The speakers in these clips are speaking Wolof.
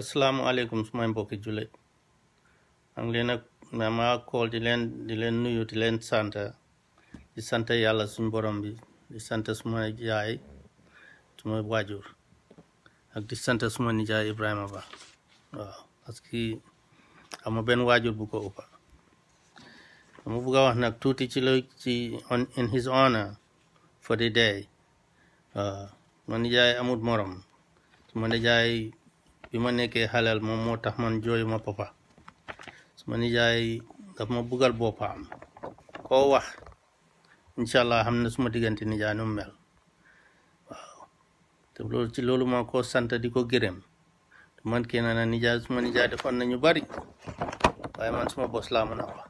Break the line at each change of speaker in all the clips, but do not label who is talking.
asalaamaaleykum su may mbokki jullit maa ngi leen maa kool di leen di leen nuyu di leen sant di sant yàlla suñ borom bi di sant suma yaay suma waajur ak di sant suma nijaay Ibrahima Ba waaw parce que ama benn waajur bu ko ëppa dama bugg a wax nag tuuti ci la ci in his honor for the day nijaay amut morom suma nijaay bi ma nekkee halal moom moo tax man jooyuma papa suma nijaay daf ma bugal bopam. ko wax inshallah allah suma diggante nijaay nu mel waaw té lolu ci lolu maa ko sant di ko gërëm man ké na nijaay suma nijaay defon nañu bari waye man suma boss la mëna wax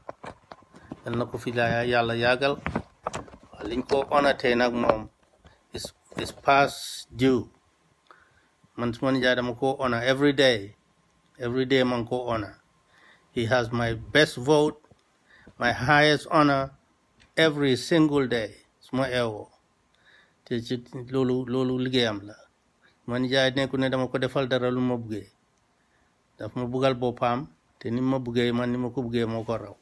dal na ko fi yalla yagal liñ ko onaté nak mom is is past due man suma nijaay dama ko honor every day every day man ko honor he has my best vote my highest honor every single day suma eewoo te ci loolu loolu liggéeyam la suma nijaay nekku ne dama ko defal dara lu ma buggee daf ma buggal boppam te ni ma buggee man ni ma ko buggee moo ko raw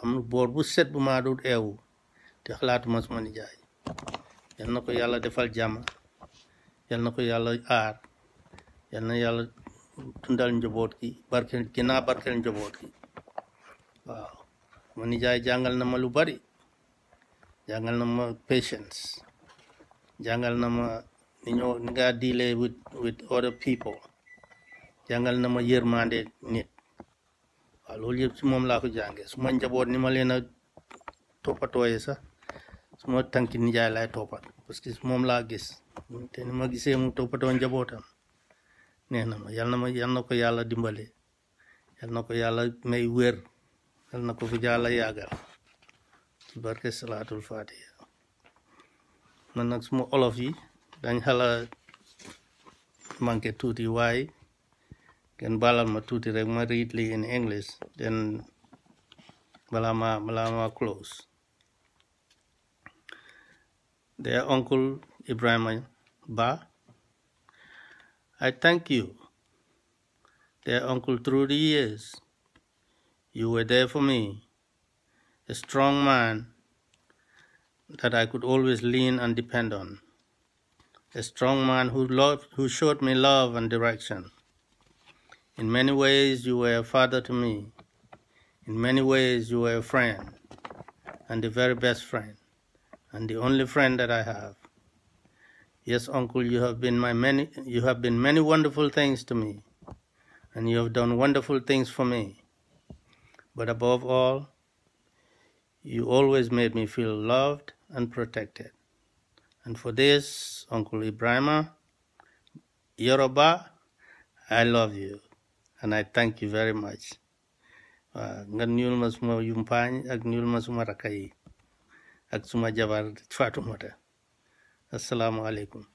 am boor bu set bu maa dut eewu te xalaatuma suma nijaay yal na ko yàlla defal jàmm yal na ko yàlla aar yal na yàlla dundal njaboot gi barkeel ginnaaw barkeel njaboot gi waaw ma nijaay jàngal na ma lu bari jàngal na ma patience jàngal na ma ni ñoo ni nga deal with other people jàngal na ma yërmande nit waaw loolu yëpp ci moom laa ko jàngee su ma njaboot ni ma leen a toppatooyee sax su ma tànki nijaay laay toppat parce que moom laa gis te ni ma gisee mu toppatoo njabootam nee na ma yal na ma yal na ko yàlla dimbale yal na ko yàlla may wér yal na ko fi yàlla yagal ci barke salatul fatiha man nag suma olof yi dañ xala manke tuti way ken balal ma tuti rek ma read li in english then bala ma bala ma close their uncle Ibrahim ba I thank you, dear Uncle, through the years. You were there for me, a strong man that I could always lean and depend on, a strong man who, loved, who showed me love and direction. In many ways, you were a father to me. In many ways, you were a friend, and the very best friend, and the only friend that I have. Yes, uncle, you have been my many you have been many wonderful things to me, and you have done wonderful things for me. But above all, you always made me feel loved and protected. And for this, Uncle Ibrahima, Yoruba, I love you and I thank you very much. Uh, Ngan السلام علیکم